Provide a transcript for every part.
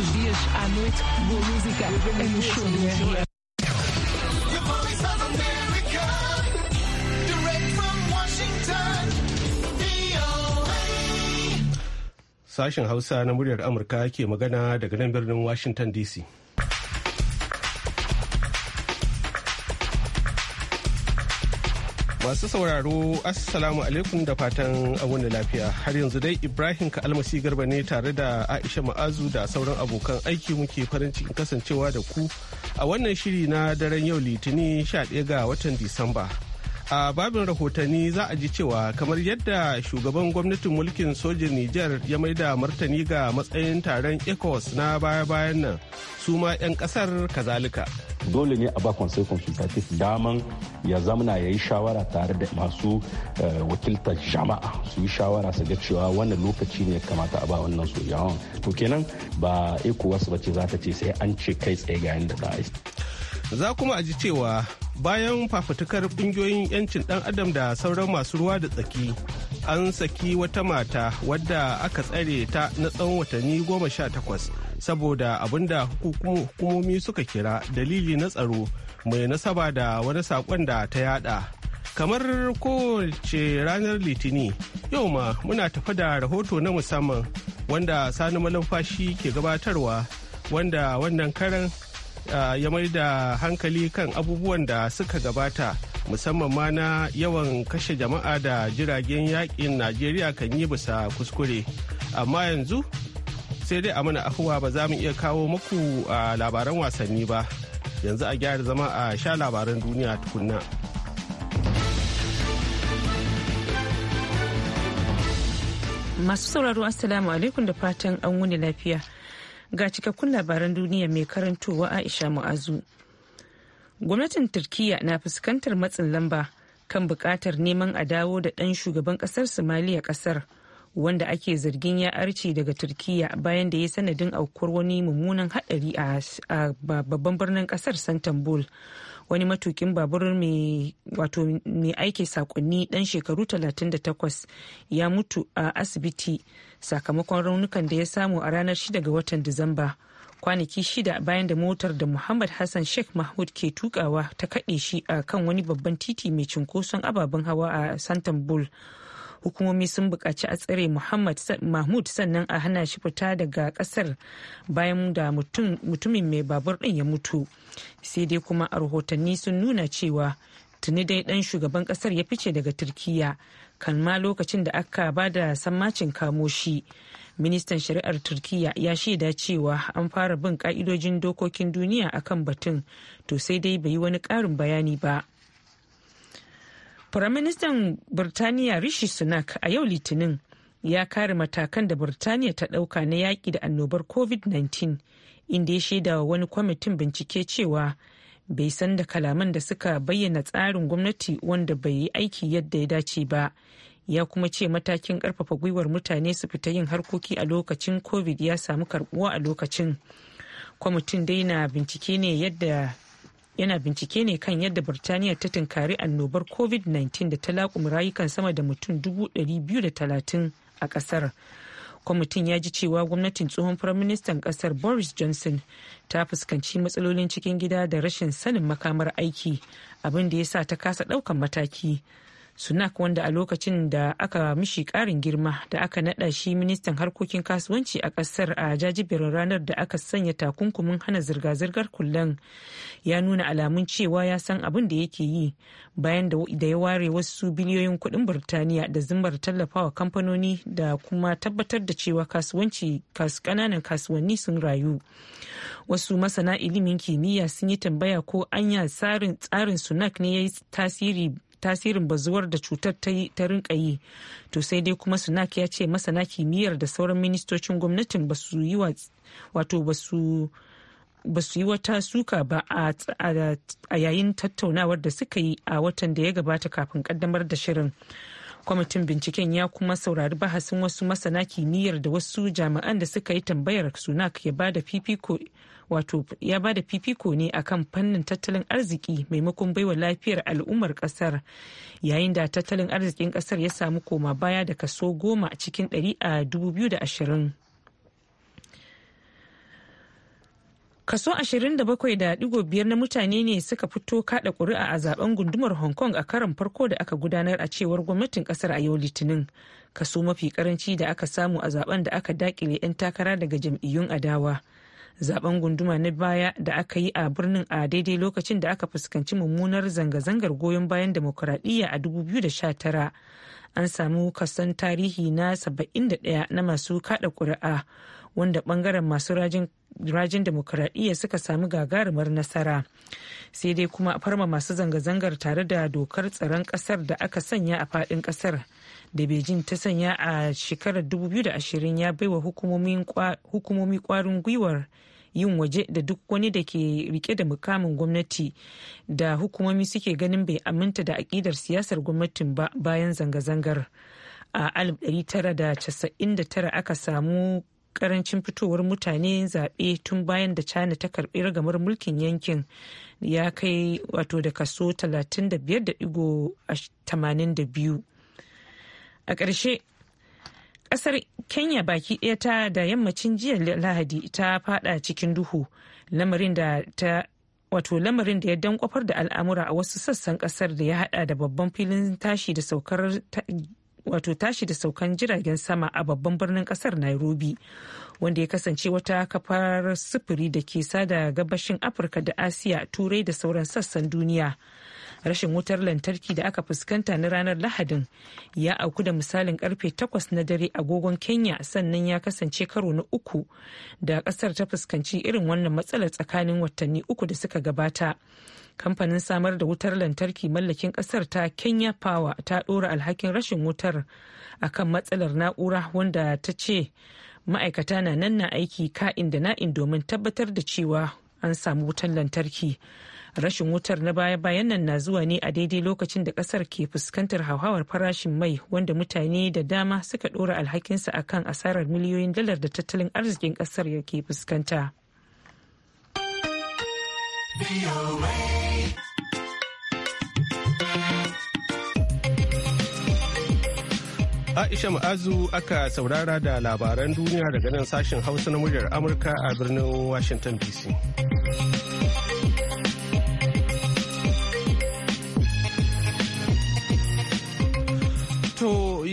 os dias à noite, boa música é no show do RR. Sashen Hausa na muryar Amurka ke magana daga nan birnin Washington DC. Masu sauraro, Assalamu alaikum da fatan abun da lafiya. Har yanzu dai Ibrahim ka almasi Garba ne tare da Aisha Ma'azu da sauran abokan aiki muke farin cikin kasancewa da ku a wannan shiri na daren yau Litinin 11 ga watan Disamba. a babin rahotanni za a ji cewa kamar yadda shugaban gwamnatin mulkin sojin Nijar ya da martani ga matsayin taron ECOWAS na baya-bayan nan su ma 'yan kasar kazalika. Dole ne a ba Conseil daman ya zamana ya yi shawara tare da masu eh, wakiltar jama'a su yi shawara su ga cewa wannan lokaci ne kamata a ba wannan sojawan. To kenan ba ECOWAS ba ce za ta ce sai an ce kai tsaye ga yadda za a yi. Za kuma a ji cewa bayan fafutukar kungiyoyin 'yancin ɗan adam da sauran masu ruwa da tsaki an saki wata mata wadda aka tsare ta na tsawon watanni goma sha takwas saboda da hukumomi suka kira dalili na tsaro mai nasaba da wani saƙon da ta yada kamar kowace ranar litini yau ma muna tafa da rahoto na musamman wanda sani malumfashi ke gabatarwa wanda wannan karan Uh, ya mai da hankali kan abubuwan da suka gabata musamman ma na yawan kashe jama'a da jiragen yakin najeriya kan yi bisa kuskure amma yanzu sai dai a mana afuwa ba za mu iya kawo muku uh, labaran wasanni ba yanzu a gyara zama a sha labaran duniya tukunna. masu sauraro assalamu alaikum da fatan an wuni lafiya Ga cikakkun labaran duniya mai karantowa Aisha Mu'azu. Gwamnatin Turkiyya na fuskantar matsin lamba kan buƙatar neman a dawo da ɗan shugaban ƙasar Somaliya ƙasar wanda ake zargin ya arce daga Turkiyya bayan da ya sanadin aukuwar wani mummunan haɗari a babban birnin ƙasar Santambul. wani matukin babur mai aiki saƙonni ɗan shekaru 38 ya mutu a asibiti sakamakon raunukan da ya samu a ranar 6 ga watan Disamba. Kwanaki shida bayan da motar da Muhammad Hassan Sheikh Mahmud ke tukawa ta kaɗe shi a kan wani babban titi mai cunkoson ababen hawa a Santambul. Hukumomi sun buƙaci a tsare Mahmud sannan a hana shi fita daga ƙasar bayan da mutumin mai babur ɗin ya mutu. Sai dai kuma a rahotanni sun nuna cewa tuni dai dan shugaban kasar ya fice daga turkiya ma lokacin da aka ba da sammacin kamo shi ministan shari'ar turkiya ya shaida cewa an fara bin ka'idojin dokokin duniya akan batun to sai dai bai yi wani ƙarin bayani ba firaministan birtaniya rishi sunak a yau litinin ya kare matakan da birtaniya ta ɗauka na yaƙi da annobar covid-19 inda ya shaida wa wani kwamitin bincike cewa bai san da kalaman da suka bayyana tsarin gwamnati wanda bai yi aiki yadda ya dace ba ya kuma ce matakin karfafa gwiwar mutane su fita yin harkoki a lokacin covid ya samu karbuwa a lokacin kwamitin dai na bincike ne yadda yana bincike ne kan yadda birtaniya ta tunkari annobar covid-19 da ta laƙumi rayukan sama da mutum 230 a ƙasar. kwamitin ya ji cewa gwamnatin tsohon firaministan kasar boris johnson ta fuskanci matsalolin cikin gida da rashin sanin makamar aiki abin da ya sa ta kasa ɗaukan mataki sunak wanda a lokacin da aka mishi karin girma da aka nada shi ministan harkokin kasuwanci a kasar a jajibiyar ranar da aka sanya takunkumin hana zirga-zirgar kullum ya nuna alamun cewa ya san abin da yake yi bayan da ya ware wasu biliyoyin kudin burtaniya da zimbar tallafawa kamfanoni da kuma tabbatar da cewa kasuwanci kananan kasuwanni sun rayu wasu masana ilimin kimiyya sun yi tambaya ko anya tsarin sunak ne ya yi tasiri tasirin bazuwar da cutar ta yi ta rinka yi to sai dai kuma sunak ya ce masana kimiyyar da sauran ministocin gwamnatin ba su yi ba su yi wata suka ba a yayin tattaunawar da suka yi a watan da ya gabata kafin kaddamar da shirin kwamitin binciken ya kuma saurari bahasin wasu masana kimiyyar da wasu jami'an da suka yi tambayar sunak ya bada fifiko wato ya da fifiko ne akan fannin tattalin arziki maimakon baiwa lafiyar al'ummar kasar yayin da tattalin arzikin kasar ya samu koma baya da kaso goma cikin ɗari a dubu biyu da ashirin kaso 27.5 na mutane ne suka fito kada kuri'a a zaben gundumar hong kong a karon farko da aka gudanar a cewar gwamnatin kasar a yau litinin kaso mafi karanci da aka samu a zaben da aka dakile 'yan takara daga jam'iyyun adawa zaben gunduma na baya da aka yi a birnin a daidai lokacin da aka fuskanci mummunar zanga-zangar goyon bayan demokuraɗiyya a 2019 an samu kasan tarihi na 71 na masu kada kuri'a wanda bangaren masu rajin demokuraɗiyya suka sami gagarumar nasara sai dai kuma farma masu zanga-zangar tare da dokar tsaron ƙasar da aka sanya a faɗin ƙasar da beijing ta sanya a shekarar 2020 ya baiwa hukumomi kwarin gwiwar yin waje da duk wani da ke rike da mukamin gwamnati da hukumomi suke ganin bai aminta da aƙidar siyasar gwamnatin ba bayan zanga-zangar a 1999 aka samu karancin fitowar mutane zaɓe tun bayan da china ta karɓi ragamar mulkin yankin ya kai wato da kaso 35.82 a ƙarshe ƙasar kenya baki ɗaya ta da yammacin jiya lahadi ta fada cikin duhu lamarin da ta wato lamarin da ya dankwafar da al'amura a wasu sassan kasar da ya hada da babban filin tashi da saukar wato tashi da saukan jiragen sama a babban birnin kasar nairobi wanda ya kasance wata kafar sufuri da ke sada gabashin afirka da asiya turai da sauran sassan duniya rashin wutar lantarki da aka fuskanta na ranar lahadin ya auku da misalin karfe 8 na dare agogon kenya sannan ya kasance karo na uku da kasar ta fuskanci irin wannan matsalar tsakanin watanni uku da suka gabata kamfanin samar da wutar lantarki mallakin kasar ta kenya power ta dora alhakin rashin wutar akan matsalar na'ura wanda ta ce ma'aikata na nan na aiki ka'in da na'in domin tabbatar da cewa an samu wutar lantarki rashin wutar na baya-bayan nan na zuwa ne a daidai lokacin da kasar ke fuskantar hauhawar farashin mai wanda mutane da dama suka dora alhakinsa a kan asarar miliyoyin dalar da tattalin arzikin kasar ke fuskanta. Aisha Ma'azu aka saurara da labaran duniya daga nan sashen Hausa na muryar Amurka a birnin Washington DC.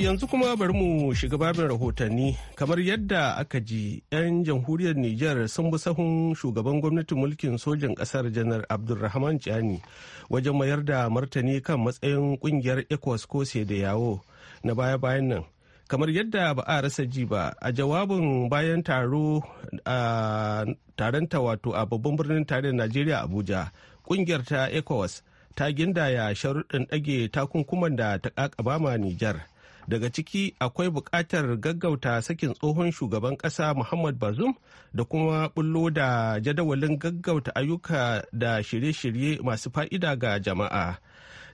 yanzu kuma bari mu shiga babin rahotanni kamar yadda aka ji 'yan jamhuriyar Nijar sun bi sahun shugaban gwamnatin mulkin sojan ƙasar janar Abdulrahman jani wajen mayar da martani kan matsayin kungiyar ECOWAS ko da yawo na baya-bayan nan. Kamar yadda ba a rasa ji ba a jawabin bayan taro a taron wato a babban birnin tarihin Najeriya Abuja kungiyar ta ECOWAS ta gindaya sharuɗin ɗage takunkuman da ta ma Nijar. daga ciki akwai buƙatar gaggauta sakin tsohon shugaban ƙasa muhammad bazum da kuma bullo da jadawalin gaggauta ayyuka da shirye-shirye masu fa'ida ga jama'a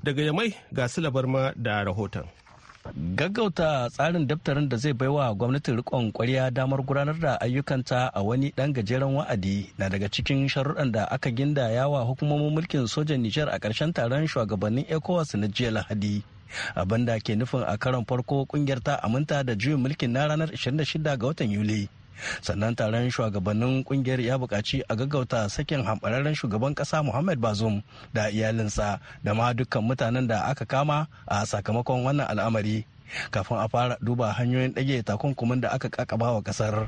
daga yamai ga ma da rahoton gaggauta tsarin daftarin da zai baiwa gwamnatin rikon kwariya damar gudanar da ayyukanta a wani ɗan gajeren wa'adi na daga cikin sharuɗan da aka ginda yawa hukumomin mulkin sojan nijar a ƙarshen taron shugabannin ecowas na jiya lahadi abin da ke nufin a karon farko kungiyar ta aminta da juyin mulkin na ranar 26 ga watan yuli sannan taron shugabannin kungiyar ya buƙaci a gaggauta sakin hambararren shugaban ƙasa muhammad bazum da iyalinsa da ma dukkan mutanen da aka kama a sakamakon wannan al'amari kafin a fara duba hanyoyin ɗage takunkumin da aka kakaba wa ƙasar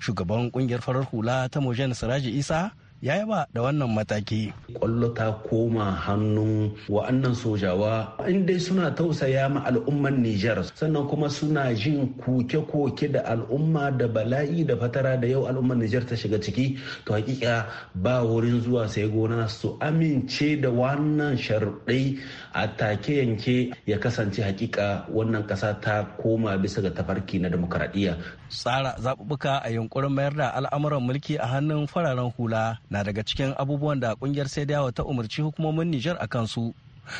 shugaban kungiyar farar hula ta mojen siraji isa ya yaba da wannan mataki. Kwallo ta koma hannun wa'annan sojawa in dai suna tausaya ma al'umman Nijar sannan kuma suna jin koke-koke da al'umma da bala'i da fatara da yau al'umman Nijar ta shiga ciki to hakika ba wurin zuwa sai gona su amince da wannan sharuɗai a take yanke ya kasance hakika wannan kasa ta koma bisa ga tafarki na demokradiyya. Tsara zaɓuɓɓuka a yunkurin mayar da al'amuran mulki a hannun fararen hula na daga cikin abubuwan da kungiyar sai dawa ta umarci hukumomin Nijar a kansu.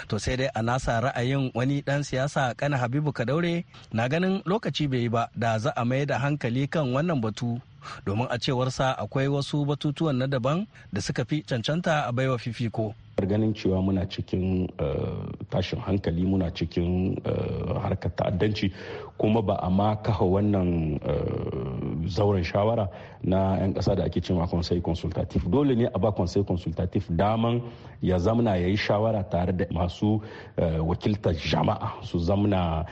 To sai dai a nasa ra'ayin wani ɗan siyasa kana Habibu Kadaure na ganin lokaci bai yi ba da za a mai da hankali kan wannan batu. domin a cewarsa akwai wasu batutuwan na daban da suka fi cancanta a baiwa fifiko. ganin cewa muna cikin eh, tashin hankali muna cikin eh, harkar ta'addanci kuma ba a ma kafa wannan eh, zauren shawara na 'yan ƙasa da ake cewa konsai consultative dole ne a ba konsai consultative daman ya zamna ya yi shawara tare da masu wakiltar jama'a su zamna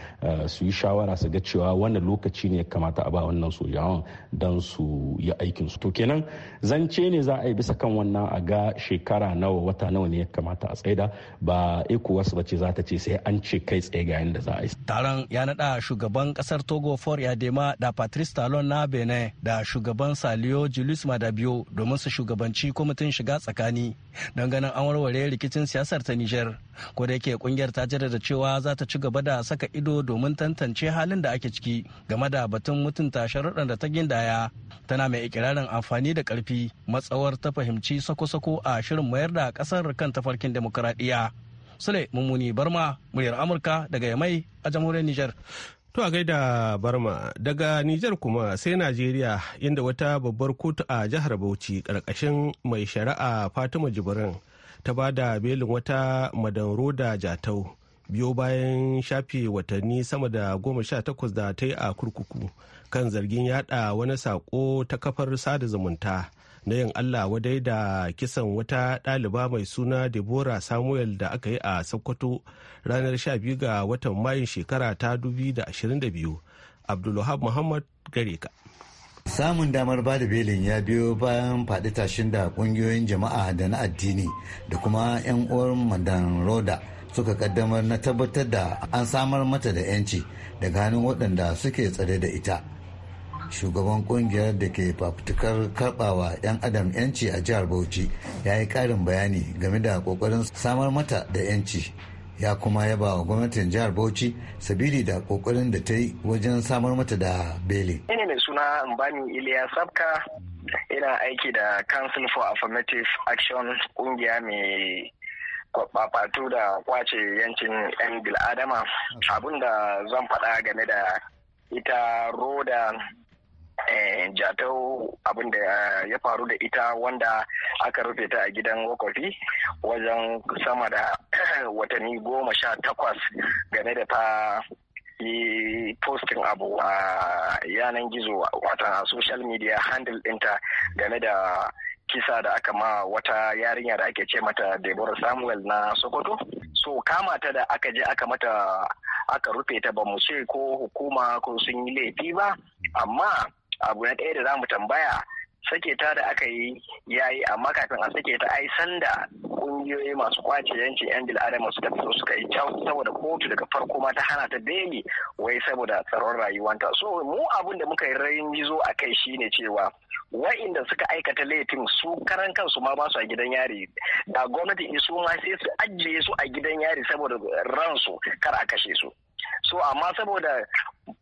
su yi shawara su ga cewa wannan lokaci ne ya kamata a ba wannan sojawan don su yi aikinsu to kenan zance ne za a yi bisa kan wannan a ga shekara nawa wata nawa ne ya kamata a tsaida ba ecowas ba ce za ta ce sai an ce kai tsaye ga yadda za a yi taron ya naɗa shugaban kasar togo for yadema da patrice talon na benin da shugaban saliyo julius madabio domin su shugabanci kwamitin shiga tsakani don ganin an warware rikicin siyasar ta nijar ko da yake kungiyar ta jaddada cewa za ta ci gaba da saka ido domin tantance halin da ake ciki game da batun mutunta sharuɗan da ta gindaya tana mai ikirarin amfani da karfi matsawar ta fahimci sako-sako a shirin mayar da ƙasar kan tafarkin demokuraɗiyya. Sule Mummuni Barma, muryar Amurka daga Yamai a jamhuriyar Nijar. To a gaida Barma daga Nijar kuma sai Najeriya inda wata babbar kotu a jihar Bauchi ƙarƙashin mai shari'a Fatima Jibrin ta ba da belin wata madanro da jatau biyo bayan shafe watanni sama da goma sha takwas da ta yi a kurkuku kan zargin yada wani sako ta kafar sada zumunta na yin allah wadai da kisan wata ɗaliba mai suna deborah samuel da aka yi a sokoto ranar 12 ga watan mayun shekara ta 2022 abdulwahab muhammad gareka. Samun damar ba da belin ya biyo bayan faɗi tashin da ƙungiyoyin jama'a da na addini da kuma 'yan uwar Madan Roda suka kaddamar na tabbatar da an samar mata da 'yanci daga hannun waɗanda suke tsare da ita. shugaban kungiyar da ke fafutukar karbawa 'yan adam 'yanci a jihar bauchi ya yi karin bayani game da kokarin samar mata da 'yanci ya kuma yaba wa gwamnatin jihar bauchi sabili da kokarin da ta yi wajen samar mata da bele ne mai suna mbani iliya sabka ina aiki da council for affirmative action kungiya mai kwabbatu da kwace yancin 'yan bil'adama abinda zan faɗa game da ita roda Eh, jatau abin da ya faru da ita wanda aka rufe ta a gidan wakafi wajen sama da watanni goma sha takwas game da ta yi postin abu a yanan gizo wata a social media handle ɗinta game da kisa da aka ma wata yarinya da ake ce mata Deborah Samuel na Sokoto. So kama ta da aka je aka mata aka rufe ta ba mu ce ko hukuma ko sun yi laifi ba, amma abu na ɗaya da za mu tambaya sake ta da aka yi ya yi amma kafin a sake ta ai sanda ƙungiyoyi masu kwace yancin yan bil'adama suka fito suka yi can saboda kotu daga farko ma ta hana ta beli wai saboda tsaron rayuwanta so mu abin da muka yi rayin gizo a kai shine cewa wa'inda suka aikata laifin su karan kansu ma ba su a gidan yari da gwamnati isu ma sai su ajiye su a gidan yari saboda ransu kar a kashe su so amma saboda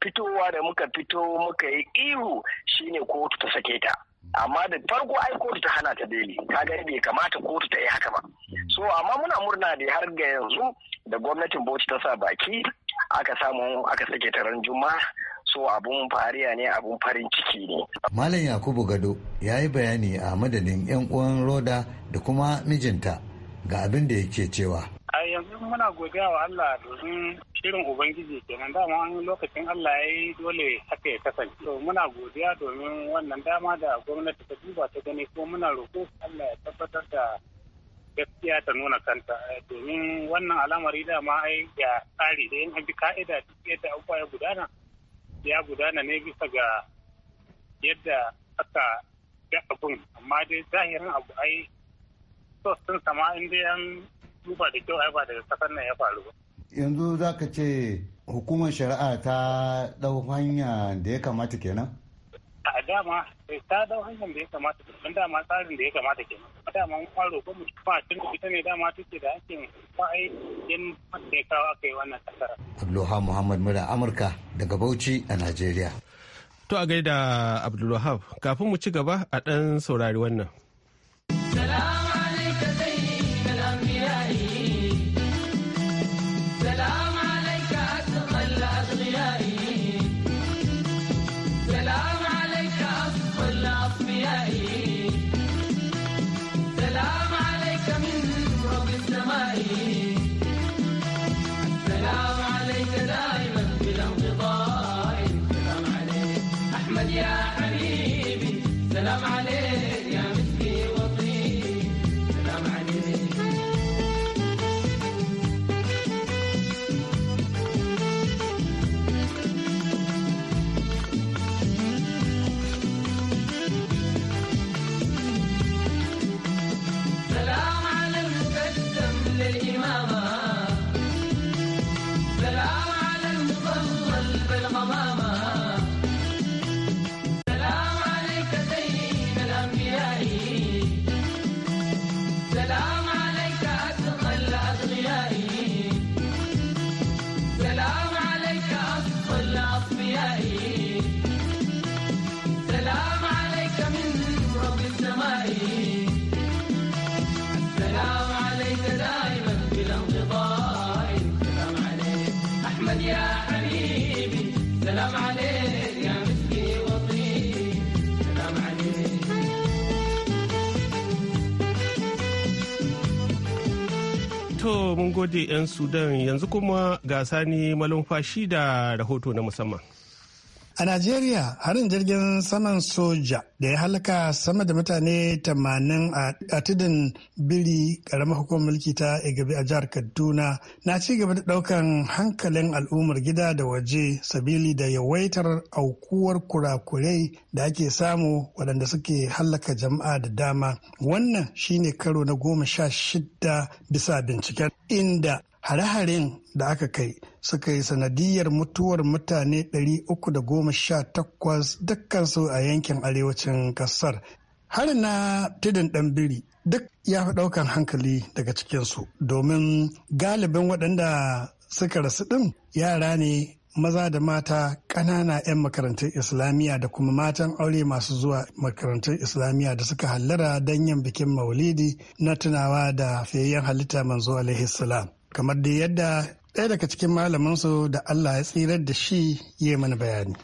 fitowa da muka fito muka yi ihu shine kotu ta sake ta amma da farko ai kotu ta hana ta daili ta gani bai kamata kotu ta yi haka ba so amma muna murna da har ga yanzu da gwamnatin bauchi ta sa baki aka samu aka sake ta ran juma? so abun fariya ne abun farin ciki ne. Malam Yakubu Gado ya yi bayani a madadin 'yan uwan Roda da kuma mijinta ga abin da yake cewa. a yanzu muna godiya wa Allah domin shirin Ubangiji kenan dama an lokacin Allah ya yi dole haka ya kasance. To muna godiya domin wannan dama da gwamnati ta duba ta gani ko muna roƙo Allah ya tabbatar da gaskiya ta nuna kanta eh, domin wannan al'amari dama ai ya tsari da yin abi ka'ida duk yadda abubuwa ya gudana ya gudana ne bisa ga yadda aka ga abun amma dai zahirin abu ai sosin sama in duba da kyau ai ba daga kasar nan ya faru yanzu za ka ce hukumar shari'a ta dau hanya da ya kamata kenan? a dama eh, ta dau hanyar da ya kamata don dama tsarin da ya kamata kenan dama mun faro ko mu fa tun ita ne dama take da ake fa'ai yin da ya kawo aka yi wannan kasar Abdullahi Muhammad Mura Amurka daga Bauchi a Najeriya. To a gaida Abdullahi kafin mu ci gaba a ɗan saurari wannan. To mun gode 'yan Sudan yanzu kuma ga sani malumfashi da rahoto na musamman. A Najeriya harin jirgin saman soja da ya halaka sama da mutane 80 a tudun biri karamar hukumar mulki ta Igabi a jihar Kaduna na ci gaba da daukan hankalin al'ummar gida da waje sabili da yawaitar aukuwar kurakurai da ake samu waɗanda suke halaka jama'a da dama. Wannan shine karo na goma sha shida bisa binciken inda hare-haren da aka kai suka yi sanadiyar mutuwar mutane 318 dukkansu a yankin arewacin kasar har na tudun biri duk ya fi ɗaukan hankali daga cikinsu domin galibin waɗanda suka rasu ɗin yara ne maza da mata ƙanana 'yan makarantar islamiyya da kuma matan aure masu zuwa makarantar islamiyya da suka hallara don yin bikin maulidi na tunawa da fiyayyen halitta manzo alaihi salam kamar da yadda ɗaya daga cikin malaminsu da Allah ya tsirar da shi ya mana bayani.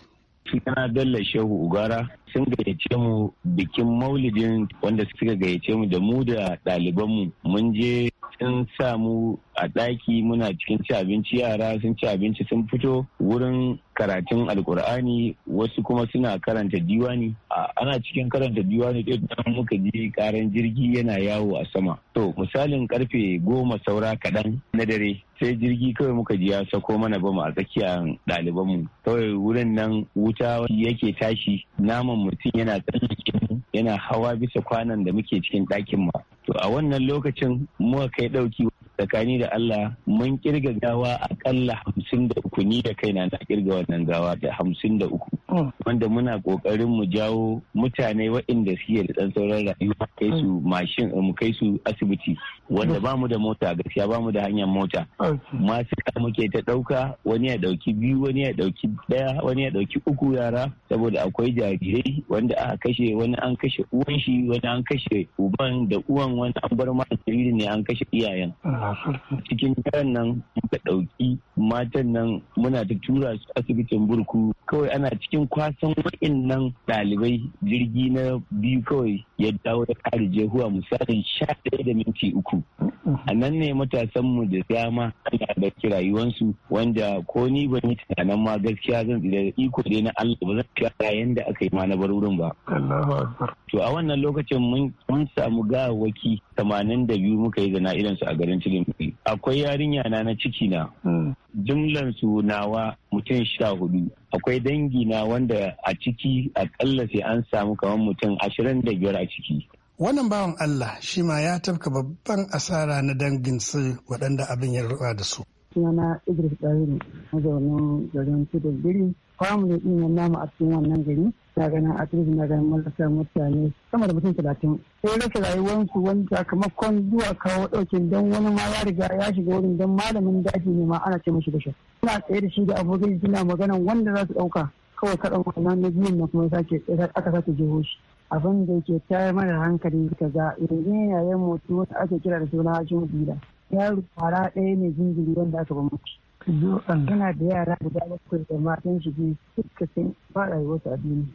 Sunana Bello Shehu Ugara sun gayyace mu bikin maulidin wanda suka gayyace mu da mu da ɗalibanmu mun je sun samu a ɗaki muna cikin ci abinci yara sun ci abinci sun fito wurin karatun alkur'ani wasu kuma suna karanta diwani ana cikin karanta diwani ɗin da muka ji karan jirgi yana yawo a sama to misalin karfe goma saura kaɗan na dare sai jirgi kawai muka ji ya sako mana bamu a tsakiyar ɗalibanmu kawai wurin nan wuta yake tashi naman mutum yana tsallake yana hawa bisa kwanan da muke cikin ɗakin ma to a wannan lokacin muka kai you. tsakani da Allah mun kirga gawa akalla hamsin da uku ni da kaina na kirga wannan gawa da hamsin da uku. Mm. Wanda muna kokarin mu jawo mutane waɗanda suke da ɗan sauran rayuwa kai su mm. mashin mu kai su asibiti wanda mm. bamu da mota gaskiya bamu da hanyar mota. Masu muke ta ɗauka wani ya ɗauki biyu wani ya ɗauki ɗaya wani ya ɗauki uku yara saboda akwai jarirai wanda aka kashe wani an kashe uwan shi wani an kashe uban da uwan wani an bar ma ne an kashe iyayen. cikin kayan nan muka ɗauki matan nan muna ta tura su asibitin burku kawai ana cikin kwasan waɗannan ɗalibai jirgi na biyu kawai ya dawo ya kare jehuwa misalin sha ɗaya da minti uku a nan ne matasanmu da dama ana da rayuwansu wanda ko ni ban yi tunanin ma gaskiya zan tsira da iko dai na Allah ba zan fiya yanda aka yi ma na bar wurin ba. To a wannan lokacin mun mun samu gawaki tamanin da muka yi zana su a garin Cilimfi. Akwai yarinya na na ciki na. Hmm. Jumlan su nawa mutum sha hudu. Akwai dangi na wanda a ciki akalla sai an samu kamar mutum ashirin da biyar a ciki. Wannan bawan Allah shi ma ya tafka babban asara na dangin su waɗanda abin ya ruwa da su. Sunana Idris ne. mazaunin garin Tudun Biri, namu a cikin wannan gari. na ganin asibiti na ganin marasa mutane sama da mutum talatin sai rasa rayuwarsu wani sakamakon zuwa kawo ɗaukin don wani ma ya riga ya shiga wurin don malamin daji ne ma ana ce mashi da shi suna tsaye da shi da abokai suna magana wanda za su ɗauka kawai kaɗan wannan na biyun na kuma sake aka sake jiho shi abin da ke tayar mana hankali ka ga yanzu yayin motsi wata ake kira da suna hajjin bila yaro rufara ɗaya ne jinjiri wanda aka bambanci yana da yara da bakwai da matan shi biyu suka sun ba rayuwarsu a duniya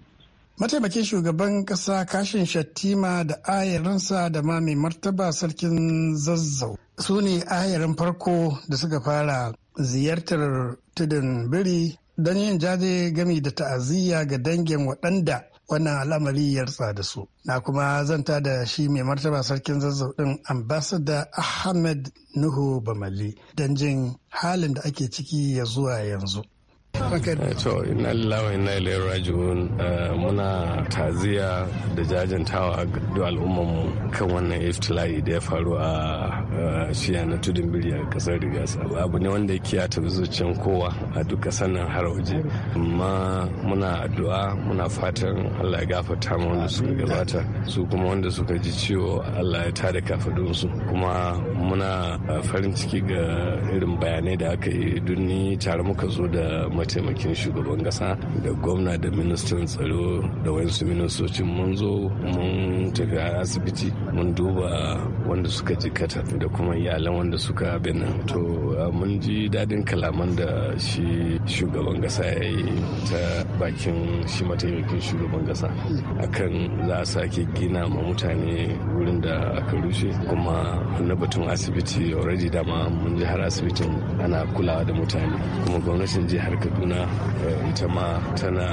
mataimakin shugaban kasa kashin shattima da ayarinsa da ma mai martaba sarkin zazzau su ne ayarin farko da suka fara ziyartar tudun biri don yin jaje gami da ta'aziyya ga dangin waɗanda wannan al'amari ya da su na kuma zanta da shi mai martaba sarkin zazzau ɗin ambasada ahmed nuhu bamali don jin halin da ake ciki ya zuwa yanzu Eh, to inna lillahi wa inna ilaihi raji'un eh, muna taziya da jajantawa ga al'ummar mu kan wannan iftila'i da ya faru a eh, shiya na tudun biri a kasar rigasa Abu ne wanda yake ya tafi zuciyan kowa a duk kasar nan har waje. Amma muna addu'a muna fatan Allah ya gafarta ma wanda suka gabata su kuma wanda suka ji ciwo Allah ya tada kafadun su kuma muna farin ciki ga irin bayanai da aka yi duni tare muka zo da mataimakin shugaban kasa da gwamna da ministan tsaro da wayansu ministocin mun zo mun tafi a asibiti mun duba wanda suka jikata da kuma iyalan wanda suka bin to mun ji daɗin kalaman da shi shugaban kasa ya yi ta bakin shi mataimakin shugaban kasa akan za a sake gina ma mutane wurin da aka rushe kuma na batun asibiti already dama mun ji har asibitin ana kulawa da mutane kuma gwamnatin jihar kaduna eh, ita ma tana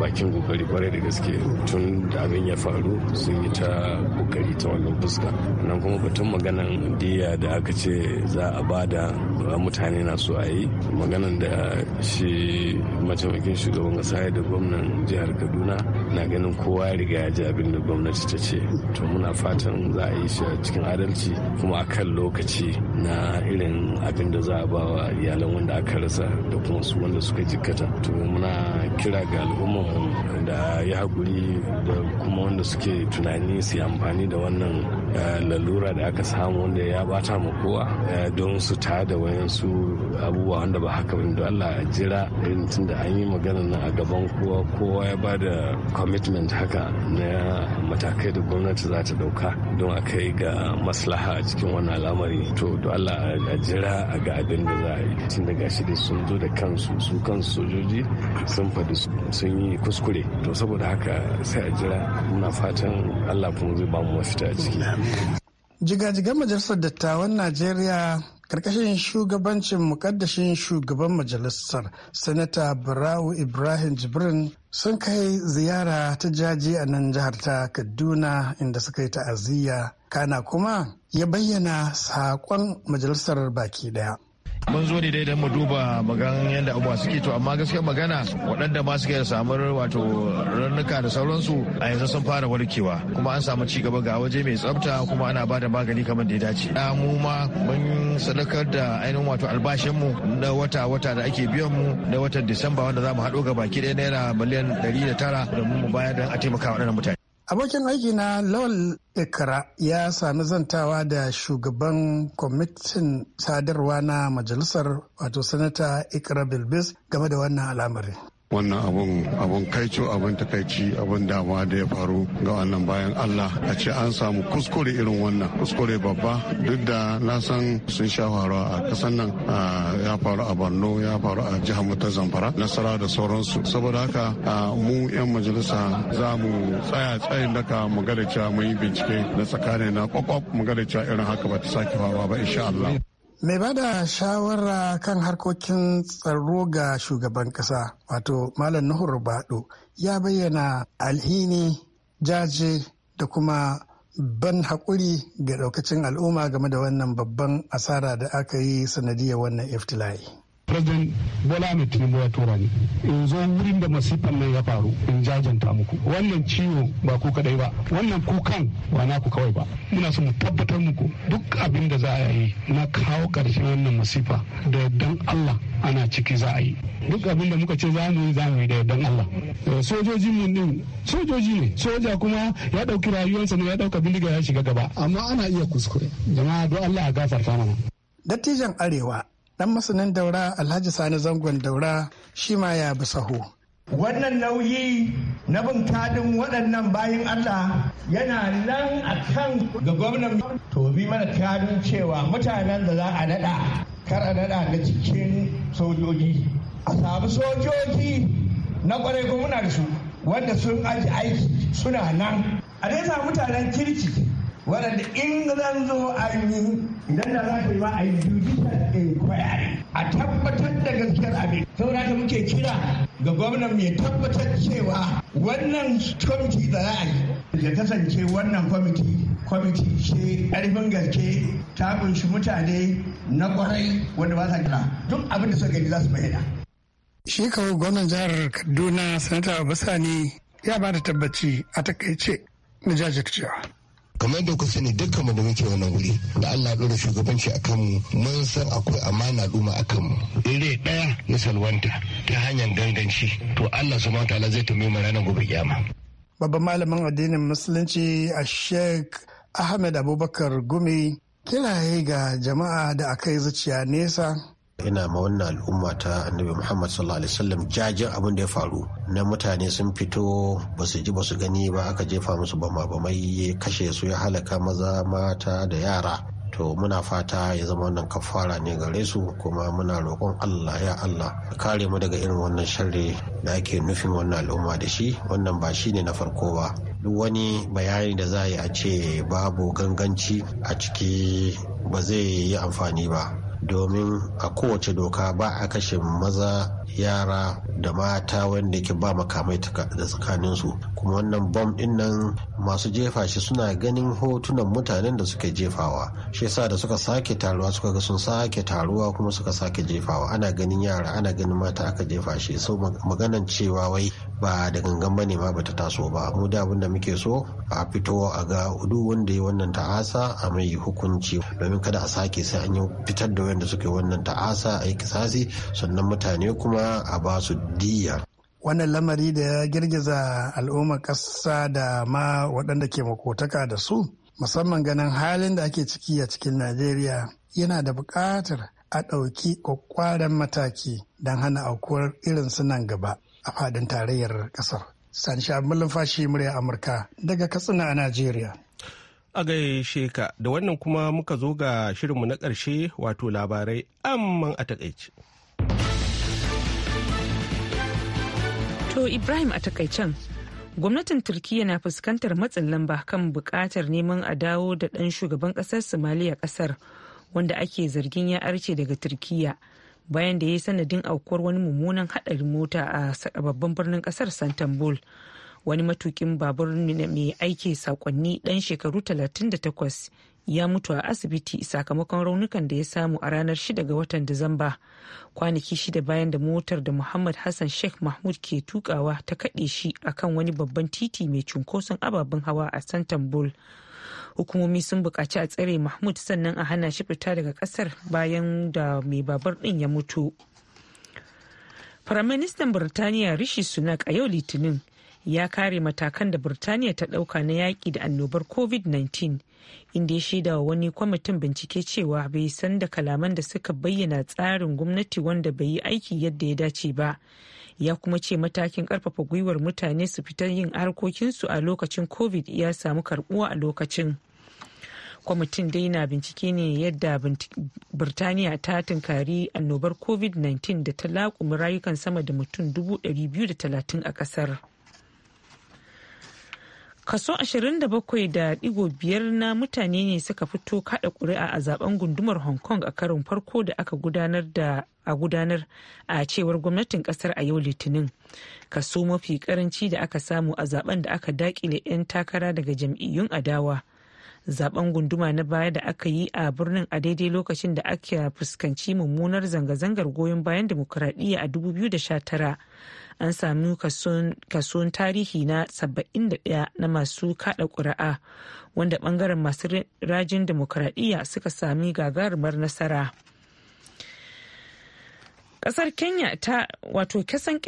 bakin kokari kwarai da gaske tun da abin ya faru sun yi ta kokari ta wannan fuska nan kuma batun maganan diya da aka ce za a bada mutane na so a yi maganan da shi mataimakin shugaban kasa da gwamnan jihar kaduna na ganin kowa ya riga ya ji abin da gwamnati ta ce to muna fatan za a yi shi a cikin adalci kuma a kan lokaci na irin abin da za a ba wa iyalan wanda aka rasa da kuma su wanda suka jikkata to muna kira ga al'umma da ya haƙuri da kuma wanda suke tunani su yi amfani da wannan Eh, lalura da aka samu wanda ya bata ma kowa eh, don su ta da wayansu abubuwa wanda ba haka ba da Allah a jira irin eh, tun da an yi magana nan a gaban kowa kowa ya bada commitment haka na matakai da gwamnati za ta dauka don a kai ga maslaha a cikin wannan al'amari to da Allah a jira a ga abin da za a yi tun da gashi da sun zo da kansu su kansu sojoji sun fadi sun yi kuskure to saboda haka sai a jira muna fatan Allah kuma zai ba mu mafita a ciki. Jigajigan majalisar dattawan Najeriya karkashin shugabancin mukaddashin shugaban majalisar Sanata Barawu Ibrahim Jibrin sun kai ziyara ta jaji a nan jihar ta Kaduna inda suka yi ta'aziyya kana kuma ya bayyana saƙon majalisar baki ɗaya. mun zo ne dai don mu duba maganin yadda abuwa suke to amma gaskiya magana waɗanda ma suke da samun wato rannuka da sauransu a yanzu sun fara warkewa kuma an samu ci gaba ga waje mai tsafta kuma ana ba da magani kamar da ya dace da mu ma mun sadakar da ainihin wato albashin mu na wata wata da ake biyan mu na watan disamba wanda za mu haɗo ga baki ɗaya naira miliyan ɗari da tara domin mu bayar da a taimaka waɗannan mutane Abokin aiki na Lawal Ikra ya sami zantawa da shugaban kwamitin sadarwa na majalisar wato sanata Ikra Bilbis game da wannan al'amari. wannan abun abun kaico abun takaici abun dama da ya faru ga wannan bayan allah a ce an samu kuskure irin wannan kuskure babba duk da na san sun sha faruwa a kasan nan ya faru a borno ya faru a jihar mu ta zamfara nasara da sauransu saboda haka mu 'yan majalisa za mu tsaya tsayin daka mu ga da cewa mun yi bincike na tsakanin na kwakwaf mu ga da cewa irin haka ba ta sake faruwa ba insha allah mai ba da shawara kan harkokin tsaro ga shugaban kasa wato malam nuhur bado ya bayyana alhini jaje da kuma ban haƙuri ga ɗaukacin al'umma game da wannan babban asara da aka yi sanadiyar wannan iftila'i. president bola mai tinubu ya tura ni in zo wurin da masifan nan ya faru in jajanta muku wannan ciwo ba ku kadai ba wannan kukan ba naku kawai ba muna so mu tabbatar muku duk abin da za a yi na kawo karshen wannan masifa da yardan allah ana ciki za a yi duk abin da muka ce za mu yi za mu yi da yardan allah eh, sojoji mu din sojoji ne soja kuma ya ɗauki rayuwarsa ne ya dauka bindiga ya shiga gaba amma ana iya kuskure jama'a don allah a gafarta mana dattijan arewa dan masanin daura alhaji sani zangon daura shi ma ya bi saho wannan nauyi na bin kadin waɗannan bayan Allah yana nan a kan ga gwamnan to bi mana kadin cewa mutanen da za a naɗa kar a naɗa na cikin sojoji a samu sojoji na kwarai ko muna su wanda sun aji aiki suna nan a dai mutanen kirki waɗanda in zan zo a yi idan da za yi ma a yi judicial inquiry a tabbatar da gaskiyar abin saboda muke kira ga gwamnan mai tabbatar cewa wannan kwamiti da za a yi ya kasance wannan kwamiti kwamiti ce ƙarfin gaske ta ƙunshi mutane na kwarai wanda ba sa gina duk abin da suka gani za su bayyana. shi kawo gwamnan jihar kaduna sanata basani ya ba da tabbaci a takaice na jajircewa. kamar da ku sani dukkan mu da muke wannan wuri da Allah ɗora shugabanci a kanmu mun san akwai amana duma a kanmu ire ɗaya ya salwanta ta hanyar ganganci to Allah subhanahu ta'ala zai tumi mu ranar gobe kiyama babban malamin addinin musulunci a sheikh ahmed abubakar gumi kilaye ga jama'a da aka yi zuciya nesa ina ma wannan al'umma ta annabi muhammad sallallahu alaihi wasallam jajin abin da ya faru na mutane sun fito ba su ji ba su gani ba aka jefa musu bama bamai ya kashe su ya halaka maza mata da yara to muna fata ya zama wannan kafara ne gare su kuma muna roƙon allah ya allah kare mu daga irin wannan sharri da ake nufin wannan al'umma da shi wannan ba shi ne na farko ba duk wani bayani da za a yi a ce babu ganganci a ciki ba zai yi amfani ba domin a kowace doka ba a kashe maza yara da mata wanda ke ba makamai da tsakaninsu kuma wannan bom din nan masu jefa shi suna ganin hotunan mutanen da suke jefawa shi yasa da suka sake taruwa suka ga sun sake taruwa kuma suka sake jefawa ana ganin yara ana ganin mata aka jefa shi so maganan cewa wai ba da gangan bane ma bata taso ba mu da abin da muke so a fito a ga duk wanda ya wannan ta'asa a mai hukunci domin kada a sake sai an yi fitar da wanda suke wannan ta'asa a yi kisasi sannan mutane kuma ba a ba su diya wannan lamari da ya girgiza al'ummar ƙasa da ma waɗanda ke makotaka da su musamman ganin halin da ake ciki a cikin najeriya yana da buƙatar a ɗauki ƙwaƙƙwaran mataki don hana aukuwar irin sunan gaba a faɗin tarayyar ƙasar sanisha fashi murya amurka daga katsina a najeriya a gaishe ka da wannan kuma muka zo ga shirinmu na ƙarshe wato labarai amman a taƙaice. To Ibrahim a takaicen gwamnatin turkiyya na fuskantar matsin lamba kan bukatar neman a dawo da ɗan shugaban ƙasar somaliya ƙasar wanda ake zargin ya arce daga turkiyya bayan da ya yi sanadin aukuwar wani mummunan haɗarin mota a babban birnin ƙasar santambul wani matukin babur mai aiki saƙonni ɗan shekaru 38 ya mutu a asibiti sakamakon raunukan da ya samu a ranar 6 ga watan Disamba kwanaki shida bayan da motar da Muhammad Hassan Sheikh Mahmud ke tukawa ta kaɗe shi akan wani babban titi mai cunkoson ababen hawa a Santambul. Hukumomi sun buƙaci a tsare Mahmud sannan a hana shi fita daga ƙasar bayan da mai babar ɗin ya mutu. Firaministan Birtaniya Rishi Sunak a yau Litinin ya kare matakan da Birtaniya ta ɗauka na yaƙi da annobar COVID-19 inda ya shaida wa wani kwamitin bincike cewa bai san da kalaman da suka bayyana tsarin gwamnati wanda bai yi aiki yadda ya dace ba ya kuma ce matakin karfafa gwiwar mutane su fita yin harkokinsu a lokacin covid ya samu karbuwa a lokacin kwamitin dai na bincike ne yadda birtaniya ta tunkari annobar covid-19 da ta laƙumi rayukan sama da mutum 230 a ƙasar. kaso 27.5 na mutane ne suka fito kada kuri'a a zaben gundumar hong kong a karin farko da aka gudanar da a gudanar a cewar gwamnatin kasar a yau litinin kaso mafi karanci da aka samu a zaben da aka dakile 'yan takara daga jam'iyyun adawa zaben gunduma na baya da aka yi a birnin a daidai lokacin da aka fuskanci mummunar zanga-zangar goyon bayan demokuraɗiyya a 2019 an sami kason tarihi na 71 na masu kada ƙuri'a wanda bangaren masu rajin demokradiyya suka sami gagarumar nasara ƙasar kenya ta wato kasan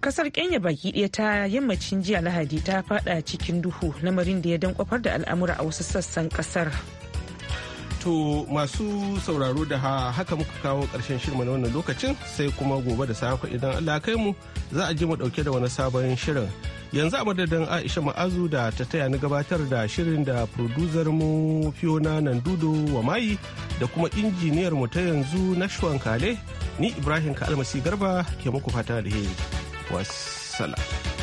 kasar kenya baki ɗaya ta yammacin jiya lahadi ta fada cikin duhu lamarin da ya dan kwafar da al'amura a wasu sassan kasar. To masu sauraro da haka muka kawo ƙarshen shirma na wannan lokacin sai kuma gobe da safe idan Allah kai mu za a ji mu ɗauke da wani sabon shirin. Yanzu a madadin Aisha Ma'azu da ta taya ni gabatar da shirin da producer mu Fiona Nandudo wa mayi da kuma injiniyar mu ta yanzu na Kale ni Ibrahim Kalmasi Garba ke muku fata alheri. Wassalam.